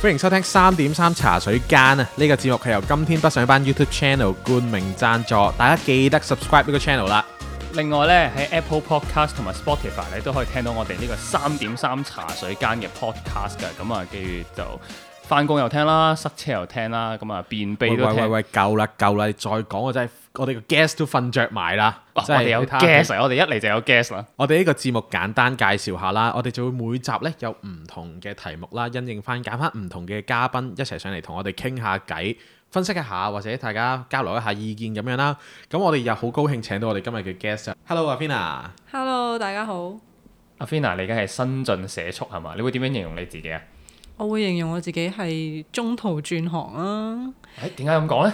歡迎收聽三點三茶水間啊！呢個節目係由今天不上班 YouTube Channel 冠名贊助，大家記得 subscribe 呢個 channel 啦。另外呢，喺 Apple Podcast 同埋 Spotify 咧都可以聽到我哋呢個三點三茶水間嘅 podcast 噶。咁啊，跟住就。翻工又聽啦，塞車又聽啦，咁啊，便秘都聽。喂喂喂，夠啦夠啦，你再講我真係我哋嘅 guest 都瞓著埋啦。即係、哦、是有 guest，看我哋一嚟就有 guest 啦。我哋呢個節目簡單介紹下啦，我哋就會每集呢有唔同嘅題目啦，因應翻揀翻唔同嘅嘉賓一齊上嚟同我哋傾下偈，分析一下或者大家交流一下意見咁樣啦。咁我哋又好高興請到我哋今日嘅 guest。Hello，阿 Fina。Hello, hello，大家好。阿 Fina，你而家係新進社畜係嘛？你會點樣形容你自己啊？我會形容我自己係中途轉行啊。誒、欸，點解咁講呢？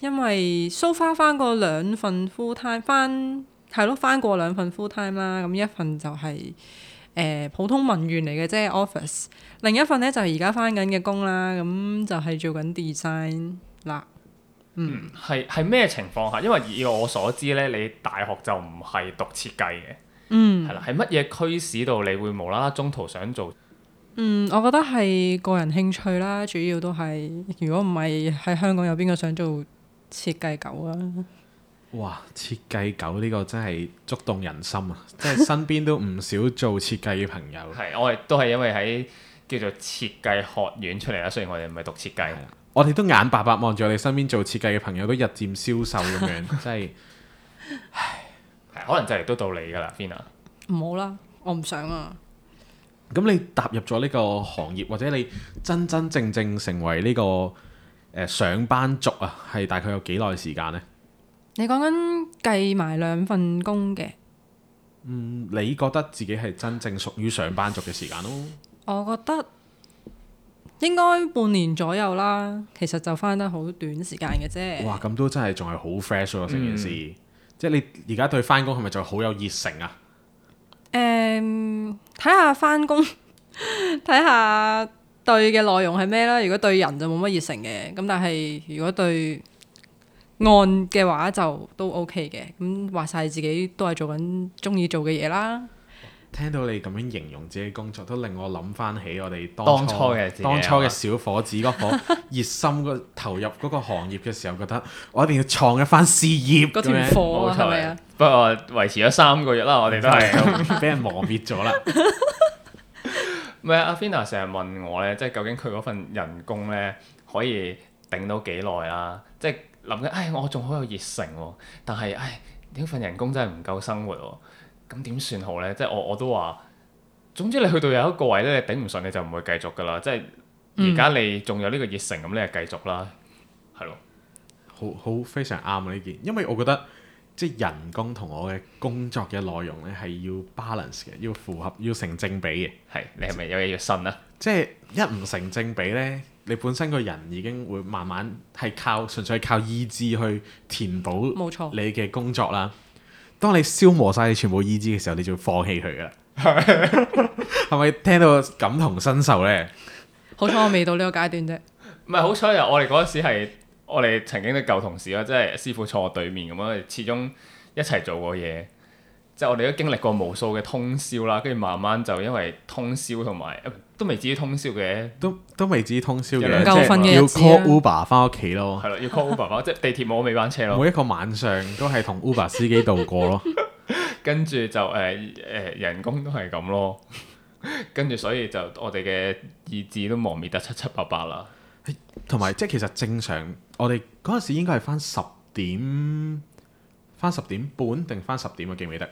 因為 so far 返過兩份 full time，返係咯，返過兩份 full time 啦。咁一份就係、是、誒、呃、普通文員嚟嘅，即係 office。另一份咧就係而家返緊嘅工啦。咁就係做緊 design 嗱。嗯，係係咩情況下？因為以我所知咧，你大學就唔係讀設計嘅。嗯，係啦。係乜嘢驅使到你會無啦啦中途想做？嗯，我覺得係個人興趣啦，主要都係如果唔係喺香港有邊個想做設計狗啊？哇！設計狗呢個真係觸動人心啊！即係 身邊都唔少做設計嘅朋友。係， 我哋都係因為喺叫做設計學院出嚟啦。雖然我哋唔係讀設計，啊、我哋都眼白白望住我哋身邊做設計嘅朋友都日漸消瘦咁樣，即係， 可能就嚟都到你㗎啦，Athena。唔好啦，我唔想啊。咁你踏入咗呢個行業，或者你真真正正成為呢、這個誒、呃、上班族啊，係大概有幾耐時間呢？你講緊計埋兩份工嘅，嗯，你覺得自己係真正屬於上班族嘅時間咯？我覺得應該半年左右啦，其實就翻得好短時間嘅啫。哇！咁都真係仲係好 fresh 喎，啊，成件事，嗯、即係你而家對翻工係咪仲好有熱誠啊？誒，睇下返工，睇下對嘅內容係咩啦。如果對人就冇乜熱誠嘅，咁但係如果對案嘅話就都 OK 嘅。咁話晒自己都係做緊鍾意做嘅嘢啦。聽到你咁樣形容自己工作，都令我諗翻起我哋當初嘅自己、當初嘅小伙子，嗰個 熱心、嗰個投入嗰個行業嘅時候，覺得我一定要創一番事業嗰條貨啊！冇錯，不過維持咗三個月啦，我哋都係都俾 人磨滅咗啦。唔係啊，阿 Fina 成日問我咧，即係究竟佢嗰份人工咧可以頂到幾耐啦？即係諗緊，唉，我仲好有熱誠喎，但係唉，呢份人工真係唔夠生活喎。咁點算好咧？即係我我都話，總之你去到有一個位咧，你頂唔順你就唔會繼續噶啦。嗯、即係而家你仲有呢個熱誠咁，你就繼續啦，係咯。好好非常啱啊！呢件，因為我覺得即係、就是、人工同我嘅工作嘅內容咧，係要 balance 嘅，要符合，要成正比嘅。係你係咪有嘢要心啊？即係、就是、一唔成正比咧，你本身個人已經會慢慢係靠純粹靠意志去填補，冇錯你嘅工作啦。當你消磨晒你全部意志嘅時候，你就會放棄佢噶啦。係咪 聽到感同身受咧？好彩我未到呢個階段啫。唔係好彩啊！我哋嗰時係我哋曾經啲舊同事啦，即係師傅坐我對面咁樣，始終一齊做過嘢。即係我哋都經歷過無數嘅通宵啦，跟住慢慢就因為通宵同埋、呃，都未至於通宵嘅，都都未至通宵嘅，要 call Uber 翻屋企咯。係啦，要 call Uber 翻即係地鐵冇尾班車咯。每一個晚上都係同 Uber 司機度過咯， 跟住就誒誒、呃呃、人工都係咁咯， 跟住所以就我哋嘅意志都磨滅得七七八八啦。同埋 即係其實正常，我哋嗰陣時應該係翻十點，翻十點半定翻十點啊記唔記得？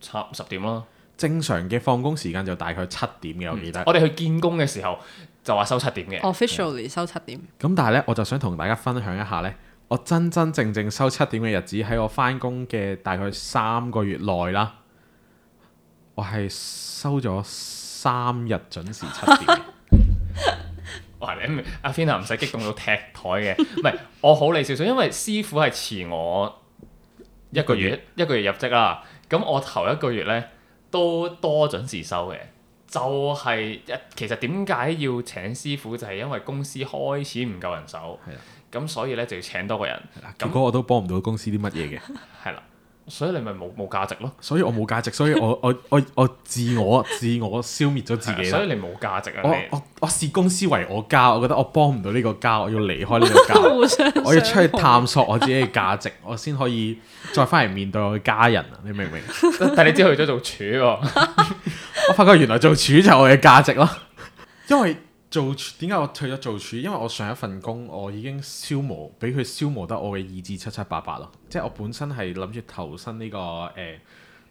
差十點咯，正常嘅放工時間就大概七點嘅，我記得。嗯、我哋去見工嘅時候就話收七點嘅，officially 收七點。咁但係呢，我就想同大家分享一下呢，我真真正，正正收七點嘅日子喺我返工嘅大概三個月內啦，我係收咗三日準時七點。 哇！你阿、啊、Athena 唔使激動到踢枱嘅？唔係 我好理少少，因為師傅係遲我一個月，一個月，一個月入職啦。咁我頭一個月咧，都多準時收嘅。就係、係、一其實點解要請師傅就係、係、因為公司開始唔夠人手，咁的所以咧就要請多個人。結果那我都幫唔到公司啲乜嘢嘅，係啦。所以你咪冇冇價值咯？所以我冇價值，所以我我我我自我自我消滅咗自己。所以你冇價值啊！我我我視公司為我家，我覺得我幫唔到呢個家，我要離開呢個家， 我，想想我要出去探索我自己嘅價值， 我先可以再翻嚟面對我嘅家人啊！你明唔明？但係你知後做咗做處，我發覺原來做處就係我嘅價值咯，因為。做處，點解我退咗做處？因為我上一份工，我已經消磨，俾佢消磨得我嘅意志七七八八咯。即係我本身係諗住投身呢個誒、欸、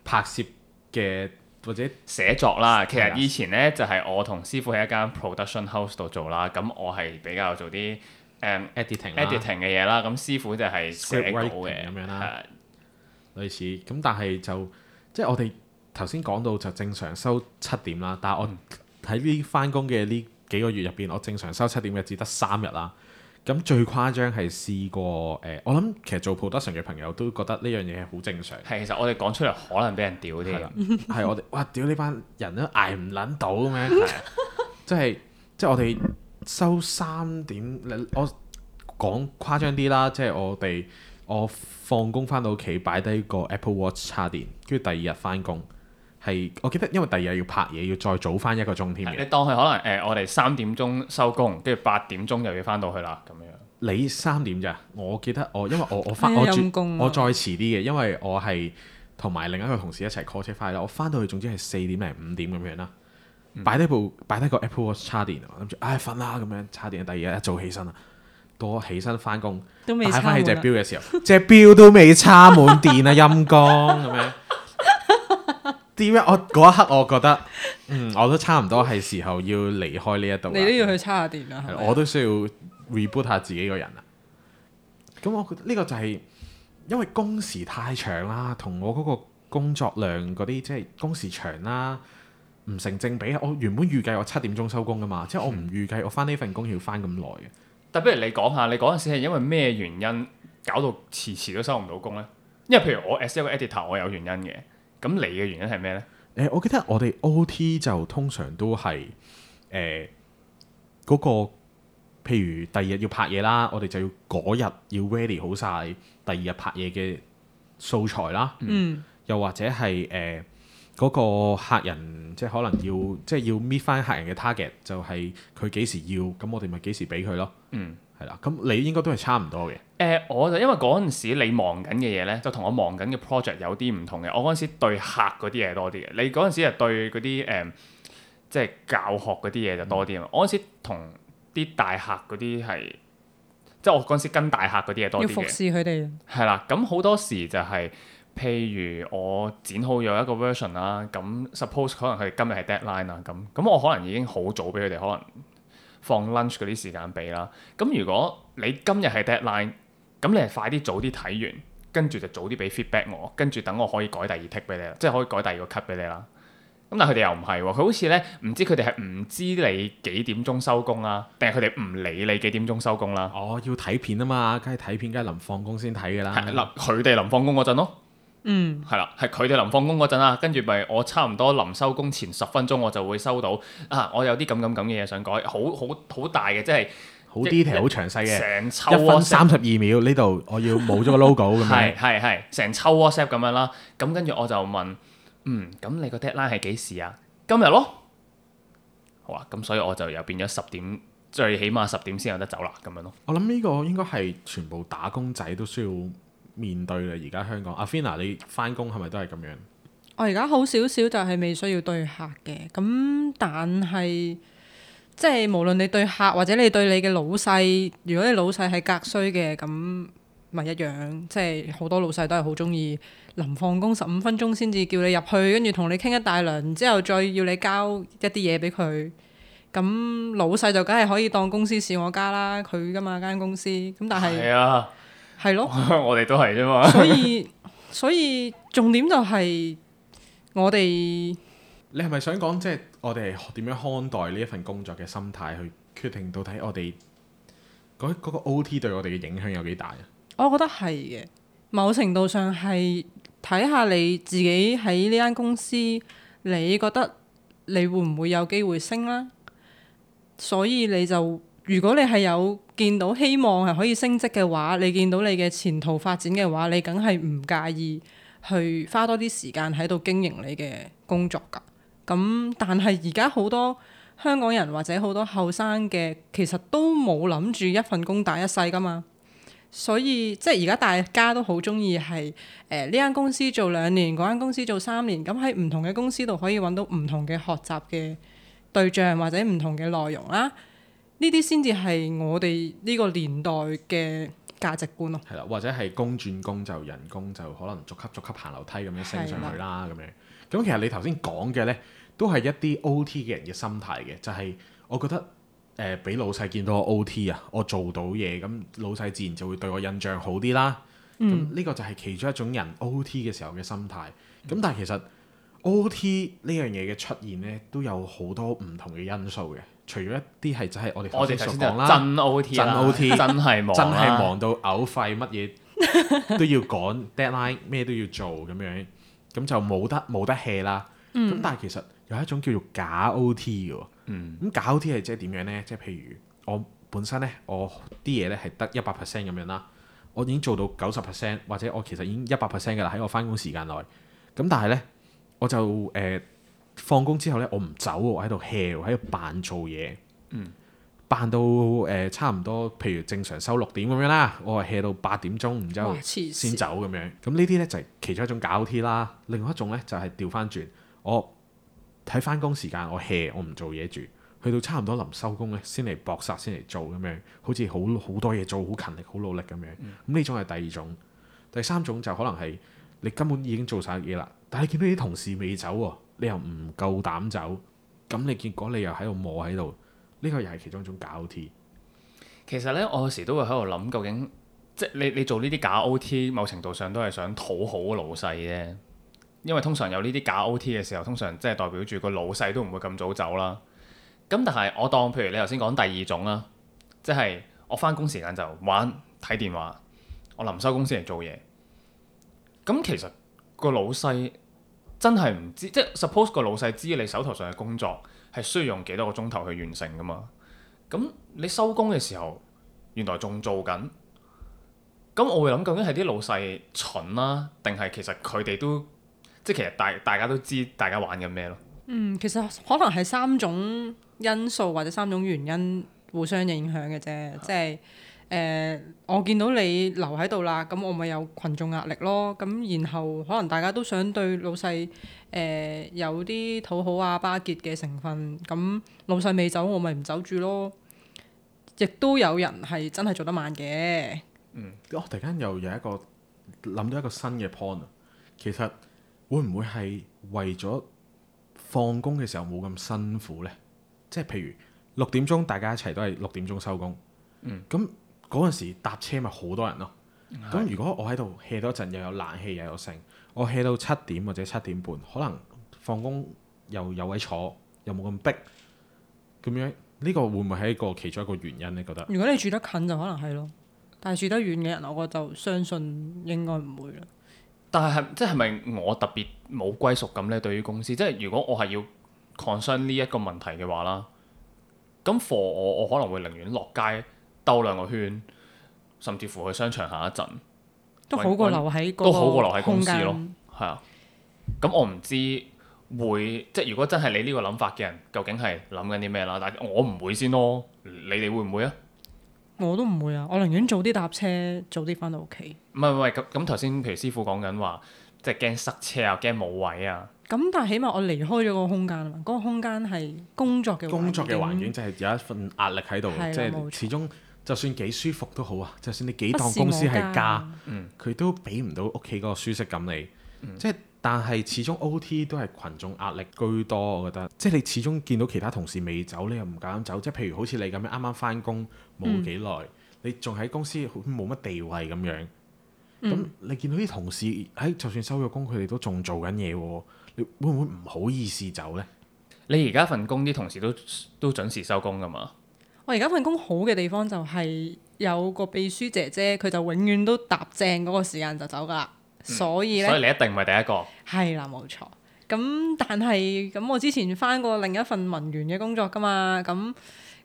拍攝嘅或者寫作啦。其實以前呢，就係、是、我同師傅喺一間 production house 度做啦。咁我係比較做啲、嗯嗯、editing editing 嘅嘢啦。咁師傅就係寫稿嘅咁 Scriptwriting、uh，樣啦。類似咁，但係就即係我哋頭先講到就正常收七點啦。但係我睇呢啲返工嘅呢～幾個月入面，我正常收七點嘅，只得三日啦。咁最誇張係試過誒、呃，我諗其實做 production 嘅朋友都覺得呢樣嘢係好正常。係，其實我哋講出嚟可能俾人屌啲。係，我哋哇屌呢班人都捱唔撚到咩？係即係即係我哋收三點，你我講誇張啲啦，即係我哋我放工翻到屋企擺低個 Apple Watch 叉電，跟住第二日翻工。係，我記得因為第二日要拍嘢，要再早翻一個鐘添嘅。你當佢可能誒、呃，我哋三點鐘收工，跟住八點鐘又要翻到去啦，咁樣。你三點咋？我記得我，因為我我翻、哎啊、我我再遲啲嘅，因為我係同埋另一個同事一齊 call 車翻去啦。我翻到去，總之係四點零五點咁樣啦。擺低部擺低、嗯、個、個 Apple Watch 插電，諗住唉瞓啦咁樣。插電，第二日一早起身啦，到我起身翻工，都未擺翻起隻錶嘅時候，隻錶都未插滿電啊！陰功咁樣。 點解 我嗰一刻我覺得，嗯，我都差唔多係時候要離開呢一度。你都要去差下電啦。對是是我都需要 reboot 下自己個人啦。咁我覺得呢個就係、是、因為工時太長啦，同我嗰個工作量嗰啲即係工時長啦，唔成正比啊！我原本預計我七點鐘收工噶嘛，即係是我唔預計我翻呢份工要翻咁耐嘅。但不如你講下，你嗰陣時係因為咩原因搞到遲遲都收唔到工咧？因為譬如我 Excel editor，我有原因嘅。咁你嘅原因係咩呢？誒、呃，我記得我哋 OT 就通常都係誒嗰個，譬如第二日要拍嘢啦，我哋就要嗰日要 ready 好晒第二日拍嘢嘅素材啦。嗯。又或者係誒嗰個客人，即係可能要即係要 meet 返客人嘅 target，就係佢幾時要，咁我哋咪幾時俾佢咯。嗯。係啦，咁你應該都係差唔多嘅。誒、呃，我就因為嗰陣時你忙緊嘅嘢咧，就同我忙緊嘅 project 有啲唔同嘅。我嗰陣時對客嗰啲嘢多啲嘅，你嗰陣時係對嗰啲誒，即係教學嗰啲嘢就多啲啊。嗯、我嗰時同啲大客嗰啲係，即係我嗰時跟大客嗰啲嘢多啲嘅。要服侍佢哋。係啦，咁好多時就係、是，譬如我剪好咗一個 version 啦，咁 suppose 可能佢哋今日係 deadline 啦，咁咁我可能已經好早俾佢哋可能。放 lunch 嗰啲時間俾啦，咁如果你今日係 deadline，咁你係快啲早啲睇完，跟住就早啲俾 feedback 我，跟住等我可以改第二 tick 俾你啦，即係可以改第二個 cut 俾你啦。咁但佢哋又唔係喎，佢好似咧唔知佢哋係唔知你幾點鐘收工啦，定係佢哋唔理你幾點鐘收工啦？哦，要睇片啊嘛，梗係睇片，梗係臨放工先睇㗎啦。係，臨佢哋臨放工嗰陣咯。嗯，係啦、mm.，係佢哋臨放工嗰陣啊，跟住咪我差唔多臨收工前十分鐘，我就會收到啊，我有啲咁咁咁嘅嘢想改，好好好大嘅，即係好 detail、好一詳細嘅，成抽一分三十二秒呢度， 我要冇咗個 logo 咁樣，係係係，成抽 WhatsApp 咁樣啦，咁跟住我就問，嗯，咁你個 deadline 係幾時啊？今日咯，好啊，咁所以我就又變咗十點，最起碼十點先有得走啦，咁樣咯。我諗呢個應該係全部打工仔都需要面對啦，而家香港，阿 Athena，你返工係咪都係咁樣？我而家好少少，就係未需要對客嘅。咁但係，即係無論你對客或者你對你嘅老細，如果你老細係格衰嘅，咁咪一樣。即係好多老細都係好中意臨放工十五分鐘先至叫你入去，跟住同你傾一大輪，之後再要你交一啲嘢俾佢。咁老細就梗係可以當公司是我家啦，佢噶嘛間公司。咁但係，係啊。係咯， 我哋都係啫嘛。所以所以重點就係我哋 ，你係咪想講，即係我哋點樣看待呢一份工作嘅心態去決定到底我哋嗰嗰個 OT 對我哋嘅影響有幾大啊？我覺得係嘅，某程度上係睇下你自己喺呢間公司，你覺得你會唔會有機會升啦？所以你就。如果你係有見到希望係可以升職嘅話，你見到你嘅前途發展嘅話，你梗係唔介意去花多啲時間喺度經營你嘅工作㗎。咁但係而家好多香港人或者好多後生嘅，其實都冇諗住一份工打一世㗎嘛。所以即係而家大家都好鍾意係誒呢間公司做兩年，嗰間公司做三年，咁喺唔同嘅公司度可以搵到唔同嘅學習嘅對象或者唔同嘅內容啦。呢啲先至係我哋呢個年代嘅價值觀咯。係啦，或者係工轉工就人工就可能逐級逐級行樓梯咁樣升上去啦，咁的樣。咁其實你頭先講嘅呢，都係一啲 OT 嘅人嘅心態嘅，就係、是、我覺得誒，俾、呃、老細見到我 OT 啊，我做到嘢，咁老細自然就會對我印象好啲啦。咁呢、嗯、個就係其中一種人 OT 嘅時候嘅心態。咁、嗯、但係其實 OT 呢樣嘢嘅出現呢，都有好多唔同嘅因素嘅。除咗一啲係就係我哋頭先所講啦，真 OT 真 OT 啦，真係忙，真係忙到嘔肺，乜嘢都要趕 deadline，咩都要做咁樣，咁就冇得冇得 hea 啦。咁、嗯、但係其實有一種叫做假 OT 嘅，咁、嗯、假 OT 係即係點樣呢？即係譬如我本身呢，我啲嘢呢係得一百 percent 咁樣啦，我已經做到九十 percent 或者我其實已經一百 percent 嘅啦，喺我翻工時間內。咁但係呢，我就誒。呃放工之後呢，我唔走，我喺度 hea，喺度扮做嘢，扮、嗯、到誒、呃、差唔多，譬如正常收六點咁樣啦。我係 hea 到八點鐘，然之後先走咁樣。咁呢啲呢，就係、是、其中一種搞 t 啦。另外一種呢，就係調翻轉，我睇翻工時間，我 hea，我唔做嘢住，去到差唔多臨收工呢，先嚟搏殺，先嚟做咁樣，好似好好多嘢做，好勤力，好努力咁樣。咁呢、嗯、種係第二種，第三種就可能係你根本已經做晒嘢啦，但係見到啲同事未走喎。你又唔夠膽走，咁你結果你又喺度磨喺度，呢個又係其中一種假 O T。其實呢，我有時都會喺度諗，究竟即係你你做呢啲假 O T，某程度上都係想討好老細啫？因為通常有呢啲假 O T 嘅時候，通常即係代表住個老細都唔會咁早走啦。咁但係我當譬如你頭先講第二種啦，即係我返工時間就玩睇電話，我臨收工先嚟做嘢。咁其實個老細，真係唔知，即係 suppose 個老細知你手頭上嘅工作係需要用幾多個鐘頭去完成㗎嘛？咁你收工嘅時候，原來仲做緊。咁我會諗究竟係啲老細蠢啦、啊，定係其實佢哋都即係其實大大家都知大家玩緊咩咯？嗯，其實可能係三種因素或者三種原因互相影響嘅啫，係啊。即係。誒、呃，我見到你留喺度啦，咁我咪有群眾壓力咯。咁然後可能大家都想對老細誒、呃、有啲討好啊巴結嘅成分。咁老細未走，我咪唔走住咯。亦都有人係真係做得慢嘅。嗯，我、哦、突然間又有一個諗到一個新嘅 point 其實會唔會係為咗放工嘅時候冇咁辛苦呢？即係譬如六點鐘大家一齊都係六點鐘收工。咁、嗯。嗰陣時搭車咪好多人咯，咁的如果我喺度歇 e a 多陣，又有冷氣又有剩，我歇到七點或者七點半，可能放工又有位坐，又冇咁逼，咁樣呢、這個會唔會係一個其中一個原因咧？覺得如果你住得近就可能係咯，但係住得遠嘅人，我就相信應該唔會啦。但係係即係咪我特別冇歸屬感呢？對於公司，即、就、係、是、如果我係要 concern 呢一個問題嘅話啦，咁 for 我我可能會寧願落街。兜兩個圈，甚至乎去商場行一陣，都好過留喺都好過留喺公司咯，係啊。咁我唔知會即係如果真係你呢個諗法嘅人，究竟係諗緊啲咩啦？但係我唔會先咯。你哋會唔會啊？我都唔會啊！我寧願早啲搭車，早啲返到屋企。唔係唔係咁，咁頭先，譬如師傅講緊話，即係驚塞車啊，驚冇位啊。咁但係起碼我離開咗個空間啊嘛。嗰個空間係工作嘅工作嘅環境，就係有一份壓力喺度，即係始終。就算幾舒服都好啊，就算你幾當公司係家，佢、嗯、都俾唔到屋企嗰個舒適感你。嗯、即係，但係始終 O.T. 都係群眾壓力居多，我覺得。即係你始終見到其他同事未走，你又唔夠膽走。即係譬如好似你咁樣，啱啱翻工冇幾耐，嗯、你仲喺公司冇乜地位咁樣。咁、嗯嗯、你見到啲同事喺就算收咗工，佢哋都仲做緊嘢喎。你會唔會唔好意思走呢？你而家份工啲同事都都準時收工㗎嘛？我而家份工好嘅地方就係有個秘書姐姐，佢就永遠都搭正嗰個時間就走噶啦，嗯、所以咧，所以你一定唔係第一個。係啦，冇錯。咁但係咁，我之前返過另一份文員嘅工作噶嘛，咁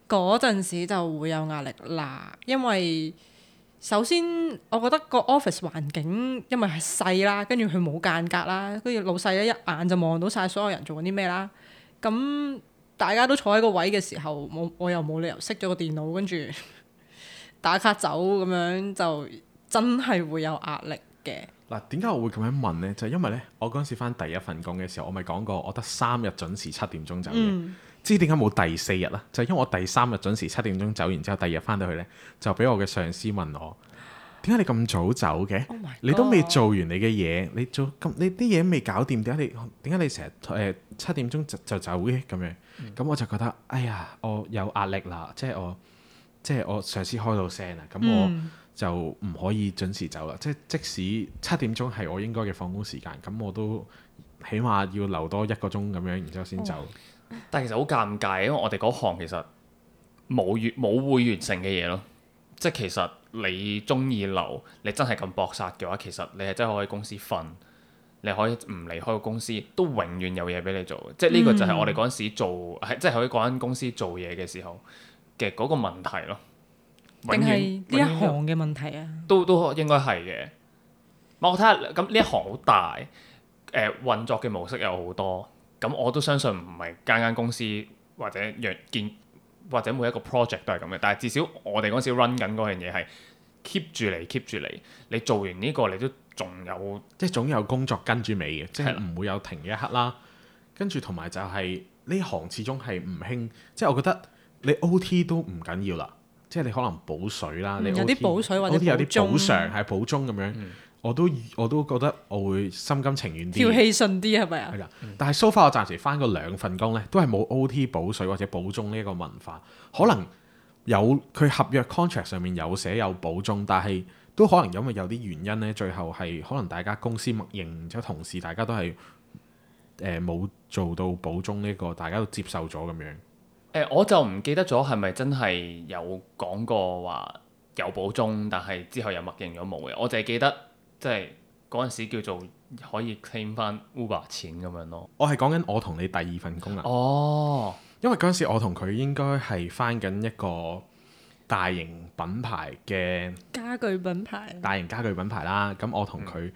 嗰陣時就會有壓力啦，因為首先我覺得個 office 環境因為係細啦，跟住佢冇間隔啦，跟住老細咧一眼就望到晒所有人做緊啲咩啦，咁。大家都坐喺個位嘅時候，我我又冇理由熄咗個電腦，跟住打卡走咁樣，就真係會有壓力嘅。嗱，點解我會咁樣問呢？就係、是、因為呢，我嗰陣時翻第一份工嘅時候，我咪講過，我得三日準時七點鐘走嘅。嗯、知點解冇第四日啦？就係、因為我第三日準時七點鐘走完之後，第二日翻到去呢，就俾我嘅上司問我。點解你咁早走嘅？Oh、你都未做完你嘅嘢，你做咁你啲嘢未搞掂？點解你點解你成日誒七點鐘就就走嘅咁樣？咁、嗯、我就覺得哎呀，我有壓力啦，即係我即係我上司開到聲啦，咁我就唔可以準時走啦。嗯、即係即使七點鐘係我應該嘅放工時間，咁我都起碼要留多一個鐘咁樣，然之後先走、嗯。但係其實好尷尬，因為我哋嗰行其實冇完冇會完成嘅嘢咯。即係其實你中意留，你真係咁搏殺嘅話，其實你係真係可以喺公司瞓，你可以唔離開個公司，都永遠有嘢俾你做。即係呢個就係我哋嗰陣時做，嗯、即係喺嗰間公司做嘢嘅時候嘅嗰個問題咯。定係呢行嘅問題啊？都都應該係嘅。我睇下咁呢一行好大，誒、呃、運作嘅模式有好多，咁我都相信唔係間間公司或者弱見。或者每一個 project 都係咁嘅，但係至少我哋嗰時 run 緊嗰樣嘢係 keep 住嚟，keep 住嚟。你做完呢個，你都仲有，即係總有工作跟住尾嘅，即係唔會有停一刻啦。跟住同埋就係、係、呢行始終係唔興，即係我覺得你 OT 都唔緊要啦，即係你可能補水啦，嗯、你 OT，有啲補水或者有啲補償係補充咁樣。嗯。我都我都覺得我會心甘情願啲，要氣順啲係咪啊？係啦，但係 so far 我暫時返過兩份工呢，都係冇 O T 補水或者補鐘呢一個文化。可能有佢合約 contract 上面有寫有補鐘，但係都可能因為有啲原因呢，最後係可能大家公司默認，即係同事大家都係誒冇做到補鐘呢、這個，大家都接受咗咁樣。誒、呃，我就唔記得咗係咪真係有講過話有補鐘，但係之後又默認咗冇嘅。我就係記得。即係嗰陣時叫做可以 claim 返 Uber 錢咁樣咯。我係講緊我同你第二份工啊。哦，因為嗰陣時我同佢應該係返緊一個大型品牌嘅家具品牌，大型家具品牌啦。咁、嗯、我同佢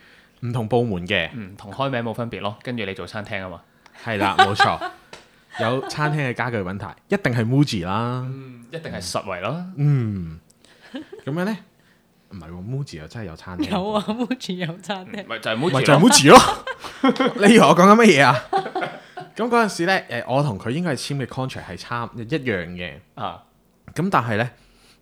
唔同部門嘅，嗯，同開名冇分別咯。跟住你做餐廳啊嘛，係啦、嗯，冇錯， 有餐廳嘅家具品牌一定係 Muji 啦，一定係、嗯、實惠咯、嗯，嗯，咁樣呢。 唔係 Muji 又真係有餐廳。有啊 Muji 有餐廳。咪、嗯、就係 Muji 咯。 你以為我講緊乜嘢啊？咁嗰陣時咧，誒，我同佢應該係簽嘅 contract 係差一樣嘅啊。咁但係咧，誒、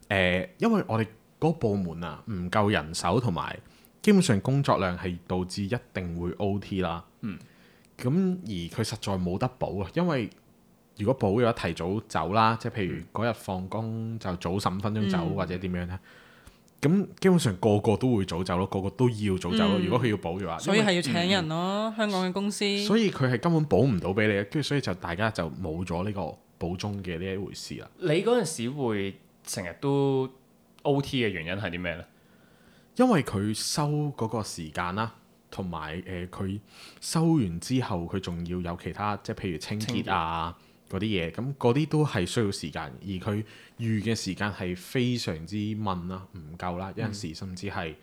呃，因為我哋嗰部門啊，唔夠人手，同埋基本上工作量係導致一定會 OT 啦。嗯。咁而佢實在冇得補啊，因為如果補嘅話提早走啦，即係譬如嗰日放工就早十五分鐘走，嗯、或者點樣咧？咁基本上個個都會早走咯，個個都要早走咯。嗯、如果佢要補嘅話，所以係要請人咯，嗯、香港嘅公司。所以佢係根本補唔到俾你，跟住所以就大家就冇咗呢個補鐘嘅呢一回事啦。你嗰陣時會成日都 OT 嘅原因係啲咩呢？因為佢收嗰個時間啦，同埋誒佢收完之後，佢仲要有其他，即係譬如清潔啊。嗰啲嘢，咁嗰啲都係需要時間，而佢預嘅時間係非常之慢啦，唔夠啦，有陣時甚至係誒、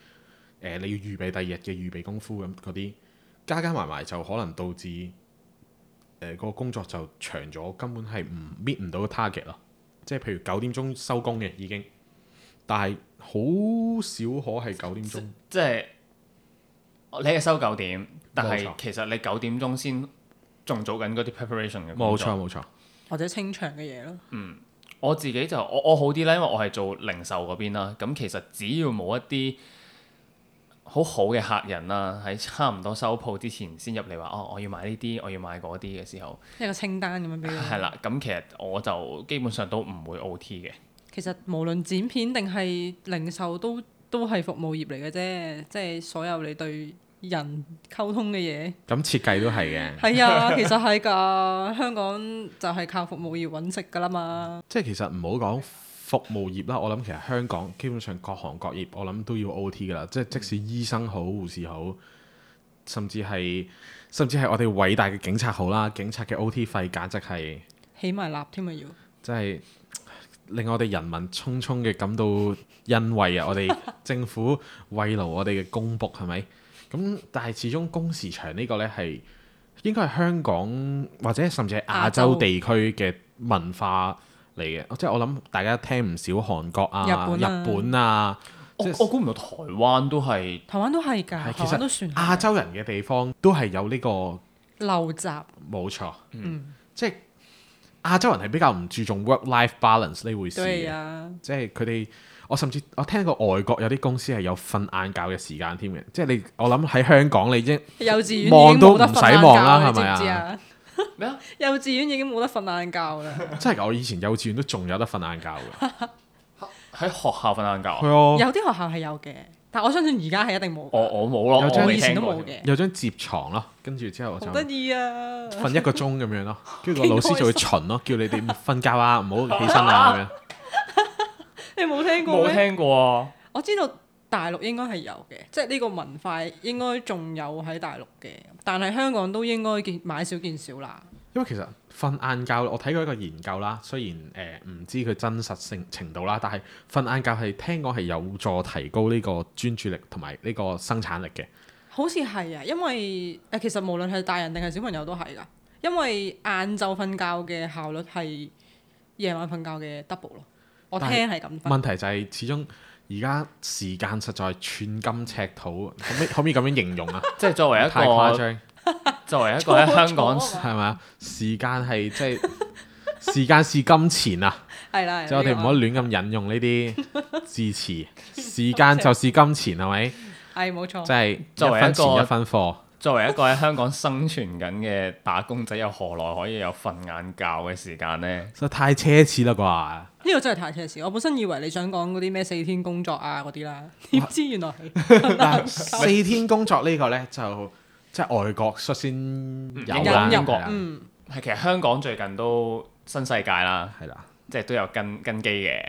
嗯呃、你要預備第二日嘅預備功夫咁嗰啲，加加埋埋就可能導致誒嗰、呃嗰個工作就長咗，根本係唔搣唔到 target 咯。即係譬如九點鐘收工嘅已經，但係好少可係九點鐘即。即係你係收九點，但係冇錯。其實你九點鐘先。仲做緊啲 preparation 嘅冇錯冇錯，或者清場嘅嘢咯。嗯，我自己就我我好啲啦，因為我係做零售嗰邊啦。咁其實只要冇一啲好好嘅客人啦，喺差唔多收鋪之前先入嚟話哦，我要買呢啲，我要買嗰啲嘅時候，一個清單咁樣俾佢。係啦、啊，咁其實我就基本上都唔會 OT 嘅。其實無論剪片定係零售都都係服務業嚟嘅啫，即係所有你對人溝通嘅嘢，咁設計都係嘅。係啊，其實係㗎。香港就係靠服務業揾食㗎啦嘛。 即係其實唔好講服務業啦，我諗其實香港基本上各行各業，我諗都要 OT 㗎啦。即係即使醫生好、護士好，甚至係甚至係我哋偉大嘅警察好啦，警察嘅 OT 費簡直係起埋立添啊要！即係 令我哋人民匆匆嘅感到欣慰啊！ 我哋政府慰勞我哋嘅公僕係咪？是咁但係始終工時長呢個呢，係應該係香港或者甚至係亞洲地區嘅文化嚟嘅，洲即係我諗大家聽唔少韓國啊、日本啊，本啊我我估唔到台灣都係，台灣都係噶，其實都算亞洲人嘅地方都係有呢、這個陋習，冇錯閘，嗯，嗯即係亞洲人係比較唔注重 work life balance 呢回事、啊、即係佢哋。我甚至我聽過外國有啲公司係有瞓晏覺嘅時間添嘅，即係你我諗喺香港你已經幼稚園已經望都唔使望啦，係咪啊？咩啊？幼稚園已經冇得瞓晏覺啦！即係我以前幼稚園都仲有得瞓晏覺嘅，喺學校瞓晏覺？係啊，有啲學校係有嘅，但我相信而家係一定冇。我我冇咯，有張椅子都冇嘅，有張摺牀咯，跟住之後我就得意啊，瞓一個鐘咁樣咯，跟住個老師就會巡咯，叫你哋瞓覺啊，唔好起身啊咁樣。你冇聽過？冇聽過啊！我知道大陸應該係有嘅，即係呢個文化應該仲有喺大陸嘅，但係香港都應該見買少見少啦。因為其實瞓晏覺，我睇過一個研究啦，雖然誒唔知佢真實性程度啦，但係瞓晏覺係聽講係有助提高呢個專注力同埋呢個生產力嘅。好似係啊，因為誒其實無論係大人定係小朋友都係噶，因為晏晝瞓覺嘅效率係夜晚瞓覺嘅 double 咯。我聽係咁。問題就係始終而家時間實在寸金尺土，可唔 可以可唔可以咁樣形容啊？即係作為一個 作為一個喺香港係咪啊？時間係即係時間是金錢啊！係即係我哋唔好亂咁引用呢啲字詞。 時間就是金錢係咪？係冇、 哎、錯。即係 一分錢作為一個一分貨，作為一個喺香港生存緊嘅打工仔，又何來可以有瞓晏覺嘅時間呢？實在太奢侈啦啩！呢個真係太扯事！我本身以為你想講嗰啲咩四天工作啊嗰啲啦，點知原來係。四天工作呢個呢，就即係外國率先有啦，英由該嗯係其實香港最近都新世界啦，係啦的，即係都有跟跟機嘅。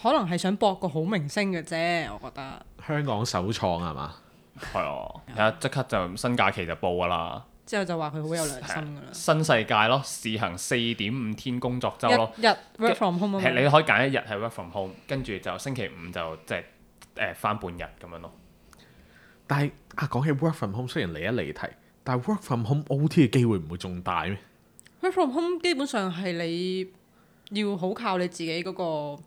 可能係想博個好明星嘅啫，我覺得。香港首創係嘛？係啊，即 刻就新假期就報啦。之後就話佢好有良心㗎啦。新世界咯，試行四點五天工作周咯。一日 work from home 係你可以揀一日係 work from home，跟住就星期五就即係誒返半日咁樣咯。但係啊，講起 work from home 雖然離一離題，但係 work from home O T 嘅機會唔會仲大咩？Work from home 基本上係你要好靠你自己嗰個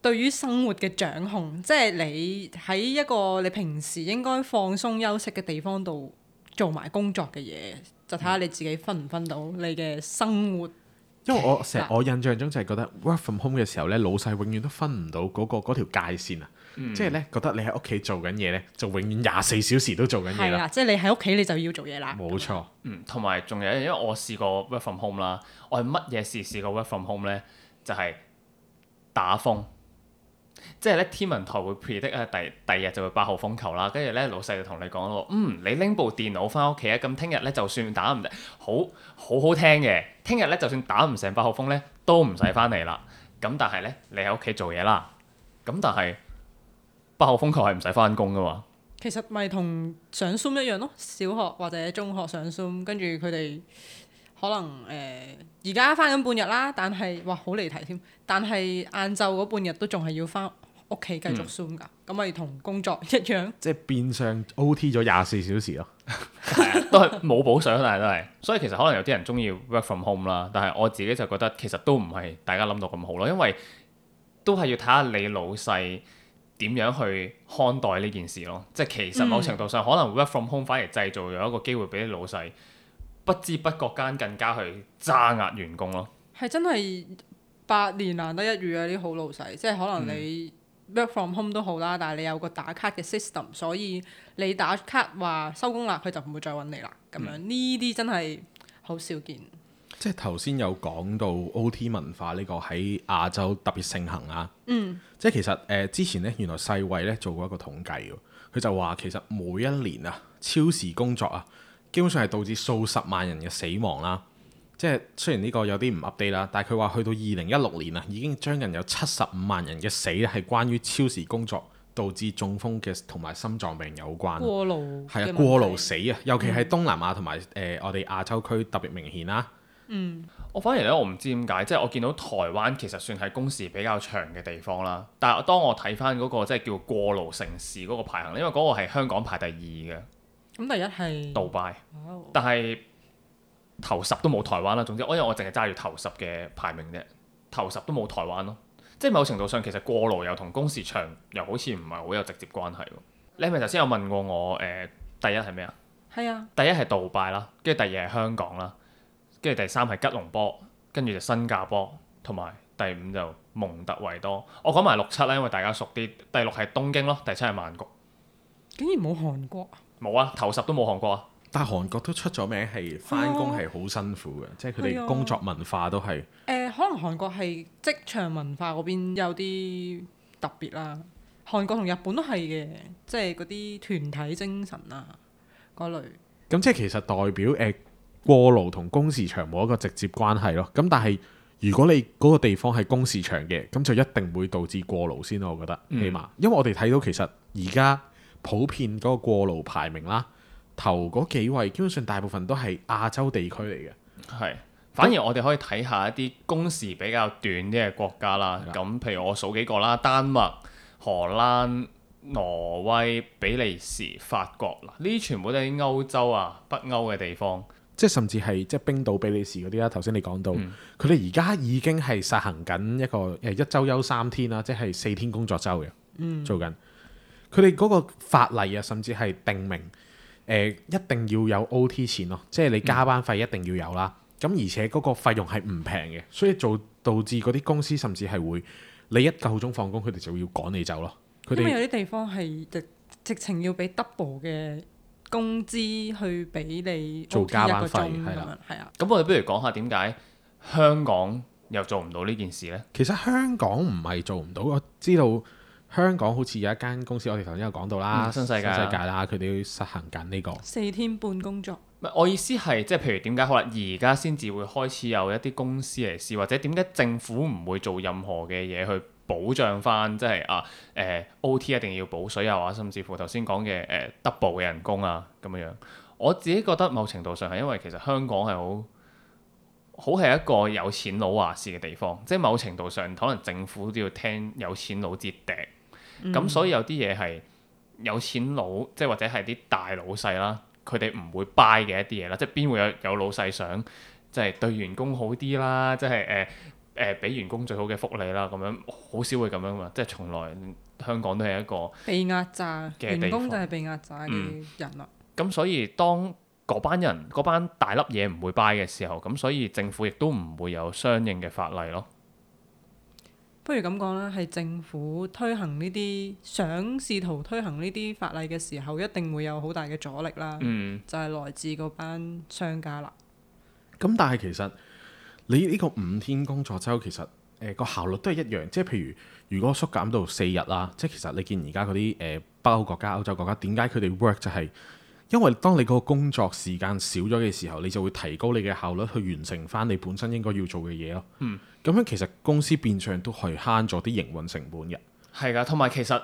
對於生活嘅掌控，即係你喺一個你平時應該放鬆休息嘅地方度。做埋工作嘅嘢，就睇下你自己分唔分到你嘅生活。因為我成日 我印象中就係覺得 work from home 嘅時候呢，老細永遠都分唔到嗰個嗰條界線啊！即係呢，覺得你喺屋企做緊嘢呢，就永遠廿四小時都做緊嘢啦。即係你喺屋企你就要做嘢啦。冇錯，嗯，同埋仲有因為我試過 work from home 啦，我係乜嘢事試過 work from home 呢？就係打風。即係咧，天文台會 predict 啊，第第二日就會八號風球啦。跟住咧，老細就同你講咯，嗯，你拎部電腦翻屋企啊。咁聽日咧，就算打唔，好好好聽嘅。聽日咧，就算打唔成八號風咧，都唔使翻嚟啦。咁但係咧你喺屋企做嘢啦。咁但係八號風球係唔使翻工噶嘛。其實咪同上 zoom 一樣咯，小學或者中學上 zoom，跟住佢哋。可能誒，而家翻緊半日啦，但係哇，好離題添。但係晏晝嗰半日都仲係要翻屋企繼續 zoom 㗎，咁咪同工作一樣。即係變相 OT 咗廿四小時咯、 啊，都係冇補償，但係都係。所以其實可能有啲人中意 work from home 啦，但係我自己就覺得其實都唔係大家諗到咁好咯，因為都係要睇下你老細點樣去看待呢件事咯。即係其實某程度上、嗯、可能 work from home 反而製造咗一個機會俾你老細。不知不覺間更加去揸壓員工咯，係真係百年難得一遇啊！啲好老細，即係可能你 work from home 都好啦、啊，但係你有個打卡嘅 system，所以你打卡話收工啦，佢就唔會再揾你啦。咁樣呢啲、嗯、真係好少見。即係頭先有講到 OT 文化呢個喺亞洲特別盛行啊。嗯。即係其實誒、呃、之前呢，原來世衛呢做過一個統計喎，佢就話其實每一年啊，超時工作啊。基本上係導致數十萬人嘅死亡啦，即係雖然呢個有啲唔 update 啦，但係佢話去到二零一六年啊，已經將近有七十五萬人嘅死係關於超時工作導致中風嘅同埋心臟病有關。過勞啊，過勞死啊，尤其係東南亞同埋誒我哋亞洲區特別明顯啦。嗯，我反而咧，我唔知點解，即係我見到台灣其實算係工時比較長嘅地方啦，但係當我睇翻嗰個即係叫過勞城市嗰個排行，因為嗰個係香港排第二嘅。咁第一係杜拜，oh。但係頭十都冇台灣啦。總之，我因為我淨係揸住頭十嘅排名啫，頭十都冇台灣咯。即係某程度上，其實過勞又同工時長又好似唔係好有直接關係咯。你係咪頭先有問過我？誒、呃，第一係咩啊？係啊，第一係杜拜啦，跟住第二係香港啦，跟住第三係吉隆坡，跟住就新加坡，同埋第五就蒙特維多。我講埋六七咧，因為大家熟啲。第六係東京咯，第七係曼谷，竟然冇韓國？冇啊，頭十都冇韓國啊，但係韓國都出咗名係翻工係好辛苦嘅，啊、即係佢哋工作文化都係誒、啊呃，可能韓國係職場文化嗰邊有啲特別啦。韓國同日本都係嘅，即係嗰啲團體精神啊嗰類。咁即係其實代表誒、呃、過勞同工時長冇一個直接關係咯。咁但係如果你嗰個地方係工時長嘅，咁就一定會導致過勞先咯。我覺得，嗯、起碼因為我哋睇到其實而家。普遍嗰個過勞排名啦，頭嗰幾位基本上大部分都係亞洲地區嚟嘅。係，反而我哋可以睇下一啲工時比較短啲嘅國家啦。咁那的譬如我數幾個啦，丹麥、荷蘭、挪威、比利時、法國啦，呢啲全部都喺歐洲啊、北歐嘅地方。即係甚至係即係冰島、比利時嗰啲啦。頭先你講到，佢哋而家已經係實行緊一個誒一週休三天啦，即係四天工作週嘅，嗯、做緊。佢哋嗰個法例啊，甚至係定明，誒、呃、一定要有 OT 錢咯，即係你加班費一定要有啦。咁、嗯、而且嗰個費用係唔平嘅，所以做導致嗰啲公司甚至係會，你一夠鐘放工，佢哋就要趕你走咯。佢哋有啲地方係直直情要俾 double 嘅工資去俾你做加班費，係啊。咁我哋不如講下點解香港又做唔到呢件事呢？其實香港唔係做唔到，我知道。香港好似有一間公司，我哋頭先有講到啦，嗯、新世界新世界啦，佢哋要實行緊、這、呢個四天半工作。唔係，我意思係即係譬如點解可能而家先至會開始有一啲公司嚟試，或者點解政府唔會做任何嘅嘢去保障翻，即係啊誒、呃、OT 一定要補水啊，或甚至乎頭先講嘅誒 double 嘅人工啊咁樣樣。我自己覺得某程度上係因為其實香港係好好係一個有錢佬話事嘅地方，即、就、係、是、某程度上可能政府都要聽有錢佬節笛。咁、嗯、所以有啲嘢係有錢佬，即係或者係啲大老細啦，佢哋唔會 buy 嘅一啲嘢啦，即係邊會有有老細想即係對員工好啲啦，即係誒誒俾員工最好嘅福利啦，咁樣好少會咁樣嘛，即係從來香港都係一個被壓榨嘅員工就係被壓榨嘅人咯、啊。咁、嗯、所以當嗰班人嗰班大粒嘢唔會 buy 嘅時候，咁所以政府亦都唔會有相應嘅法例咯。不如咁講啦，係政府推行呢啲想試圖推行呢啲法例嘅時候，一定會有好大嘅阻力啦。嗯、就係來自嗰班商家啦。咁、嗯、但係其實你呢個五天工作周，其實誒個、呃、效率都係一樣，即係譬如如果縮減到四日啦，即係其實你見而家嗰啲誒北歐國家、歐洲國家點解佢哋 work 就係、是？因為當你嗰個工作時間少咗嘅時候，你就會提高你嘅效率去完成翻你本身應該要做嘅嘢咯。嗯，咁樣其實公司變相都係慳咗啲營運成本嘅。係噶，同埋其實呢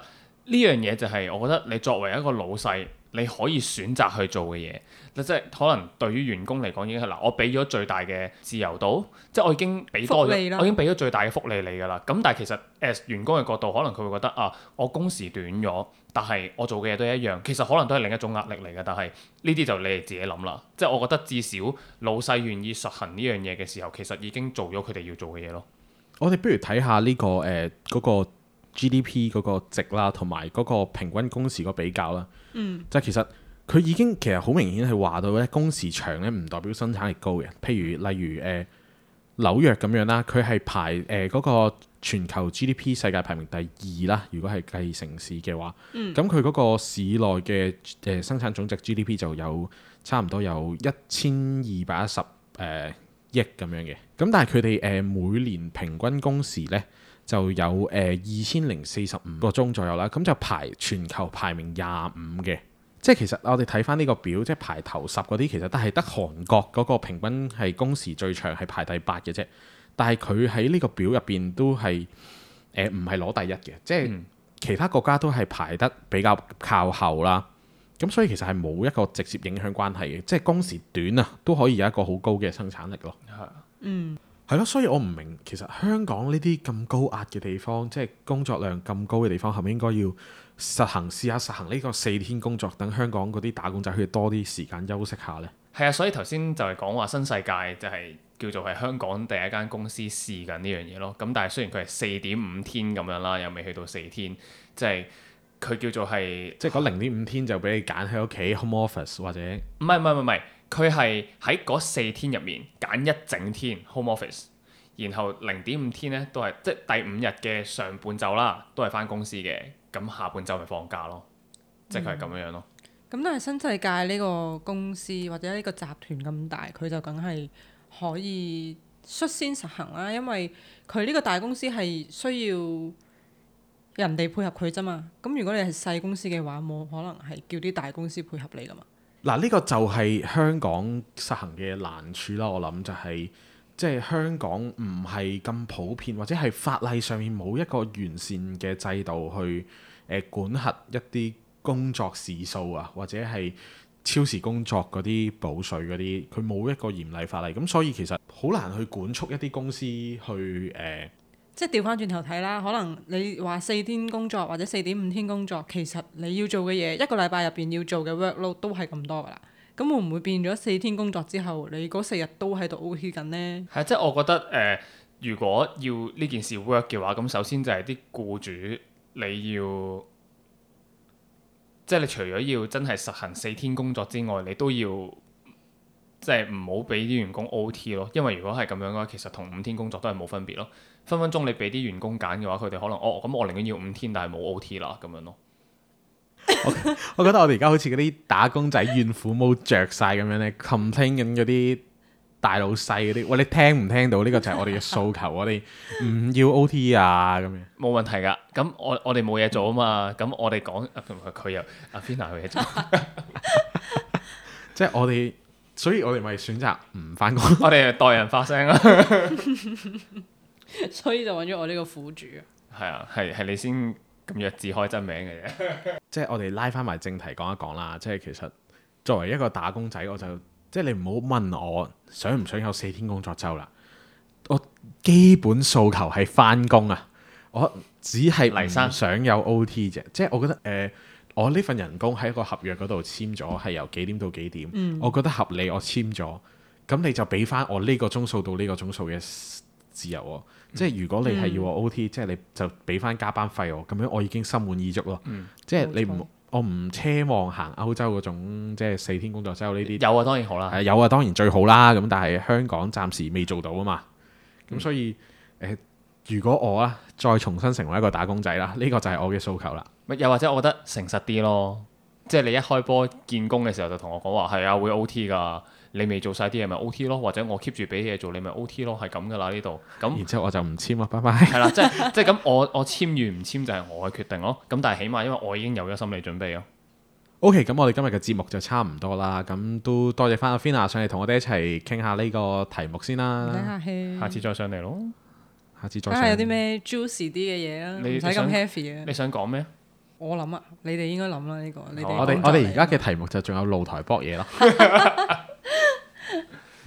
樣嘢就係，我覺得你作為一個老細，你可以選擇去做嘅嘢，即係可能對於員工嚟講已經係嗱，我俾咗最大嘅自由度，即係我已經俾多，我已經俾咗最大嘅福利你噶啦。咁但係其實，誒，員工嘅角度可能佢會覺得啊，我工時短咗。但係我做嘅嘢都係一樣，其實可能都係另一種壓力嚟嘅。但係呢啲就你哋自己諗啦。即係我覺得至少老細願意實行呢樣嘢嘅時候，其實已經做咗佢哋要做嘅嘢咯。我哋不如睇下呢個誒嗰個 GDP 嗰個值啦，同埋嗰個平均工時個比較啦。嗯，即係其實佢已經其實好明顯係話到咧，工時長咧唔代表生產力高嘅。譬如例如誒紐約咁樣啦，佢係排誒嗰個，全球 GDP 世界排名第二啦，如果係計城市嘅話，咁佢嗰個市內嘅誒生產總值 GDP 就有差唔多有一千二百一十誒億咁樣嘅，咁但係佢哋誒每年平均工時呢就有誒二千零四十五個鐘左右啦，咁就排全球排名廿五嘅，即係其實我哋睇返呢個表，即係排頭十嗰啲，其實都係得韓國嗰個平均係工時最長，係排第八嘅啫。但係佢喺呢個表入邊都係誒唔係攞第一嘅，即係是、嗯、其他國家都係排得比較靠後啦。咁所以其實係冇一個直接影響關係嘅，即、就、係、是、工時短啊都可以有一個好高嘅生產力咯。係啊，嗯，係咯，所以我唔明其實香港呢啲咁高壓嘅地方，即、就、係、是、工作量咁高嘅地方，係咪應該要實行試下實行呢個四天工作，等香港嗰啲打工仔可以多啲時間休息下呢？係啊，所以頭先就係講話新世界就係、是。叫做係香港第一間公司試緊呢樣嘢咯，咁但係雖然佢係四點五天咁樣啦，又未去到四天，即係佢叫做係即係嗰零點五天就俾你揀喺屋企 home office 或者唔係唔係唔係，佢係喺嗰四天入面揀一整天 home office，然後零點五天呢都係即係第五日嘅上半晝啦，都係翻公司嘅，咁下半晝咪放假咯，嗯、即係佢係咁樣樣咯。咁但係新世界呢個公司或者呢個集團咁大，佢就梗係。可以率先實行啦、啊，因為佢呢個大公司係需要人哋配合佢啫嘛。咁如果你係細公司嘅話，冇可能係叫啲大公司配合你噶嘛。嗱、啊，呢、這個就係香港實行嘅難處啦。我諗就係即係香港唔係咁普遍，或者係法例上面冇一個完善嘅制度去、呃、管轄一啲工作時數啊，或者係。超時工作嗰啲補稅嗰啲，佢冇一個嚴厲法例，咁所以其實好難去管束一啲公司去誒。即係調翻轉頭睇啦，可能你話四天工作或者四點五天工作，其實你要做嘅嘢一個禮拜入邊要做嘅 workload 都係咁多㗎啦。咁會唔會變咗四天工作之後，你嗰四日都喺度 OT 緊呢？係，即係我覺得誒，如果要呢件事 work 嘅話，咁首先就係啲僱主你要。即係你除咗要真係實行四天工作之外，你都要即係唔好俾啲員工 OT 咯。因為如果係咁樣嘅話，其實同五天工作都係冇分別咯。分分鐘你俾啲員工揀嘅話，佢哋可能哦咁，我寧願要五天但係冇 OT 啦咁樣咯。我覺得我哋而家好似嗰啲打工仔怨父母着晒咁樣咧，complain 緊嗰啲。大老細嗰啲，喂，你聽唔聽到？呢、這個就係我哋嘅訴求， 我哋唔要 O T 啊，咁樣。冇問題噶，咁我我哋冇嘢做啊嘛，咁、嗯、我哋講，佢又阿 Fiona 佢有嘢做， 即係我哋，所以我哋咪選擇唔翻工， 我哋代人發聲啦。 所以就揾咗我呢個苦主。係啊，係係你先咁弱智開真名嘅啫。 即係我哋拉翻埋正題講一講啦，即係其實作為一個打工仔，我就。即係你唔好問我想唔想有四天工作周啦，我基本訴求係翻工啊，我只係黎想有 O T 啫。即係我覺得誒、呃，我呢份人工喺個合約嗰度簽咗，係由幾點到幾點，嗯、我覺得合理，我簽咗。咁你就俾翻我呢個鐘數到呢個鐘數嘅自由，即係如果你係要我 O T，嗯、即係你就俾翻加班費我，咁樣我已經心滿意足咯。嗯、即係你唔。我唔奢望行歐洲嗰種即係四天工作週呢啲。有啊，當然好啦、啊啊。有啊，當然最好啦、啊。咁但係香港暫時未做到啊嘛。咁所以、嗯、如果我啊，再重新成為一個打工仔啦，呢、呢個就係我嘅訴求啦。又或者我覺得誠實啲咯，即係你一開波見工嘅時候就同我講話，係啊，會 OT 㗎。你未做晒啲嘢咪 OT 咯，或者我 keep 住俾嘢做你咪 OT 咯，係咁噶啦呢度。咁，然之後我就唔簽啦，拜拜。係啦，即係即係咁，我我簽與唔簽就係我嘅決定咯。咁但係起碼因為我已經有咗心理準備咯。OK，咁我哋今日嘅節目就差唔多啦。咁都多謝翻阿 Athena 上嚟同我哋一齊傾下呢個題目先啦。客氣，下次再上嚟咯。下次再。睇下有啲咩 juicy 啲嘅嘢啊。你唔使咁 heavy 啊。你想講咩？我諗啊，你哋應該諗啦呢個。我哋我哋而家嘅題目就仲有露台搏嘢咯。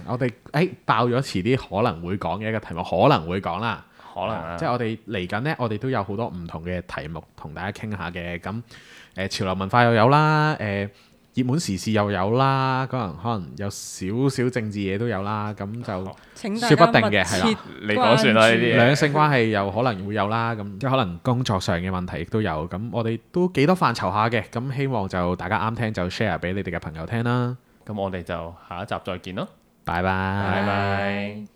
我哋誒、欸、爆咗遲啲可能會講嘅一個題目，可能會講啦，可能、啊啊、即係我哋嚟緊呢，我哋都有好多唔同嘅題目同大家傾下嘅。咁誒、呃、潮流文化又有啦，誒、呃、熱門時事又有啦，可能可能有少少政治嘢都有啦。咁就説不定嘅，係啦，了你講算啦啲兩性關係又可能會有啦。咁即係可能工作上嘅問題亦都有。咁我哋都幾多範疇下嘅。咁希望就大家啱聽就 share 俾你哋嘅朋友聽啦。咁我哋就下一集再見咯。拜拜。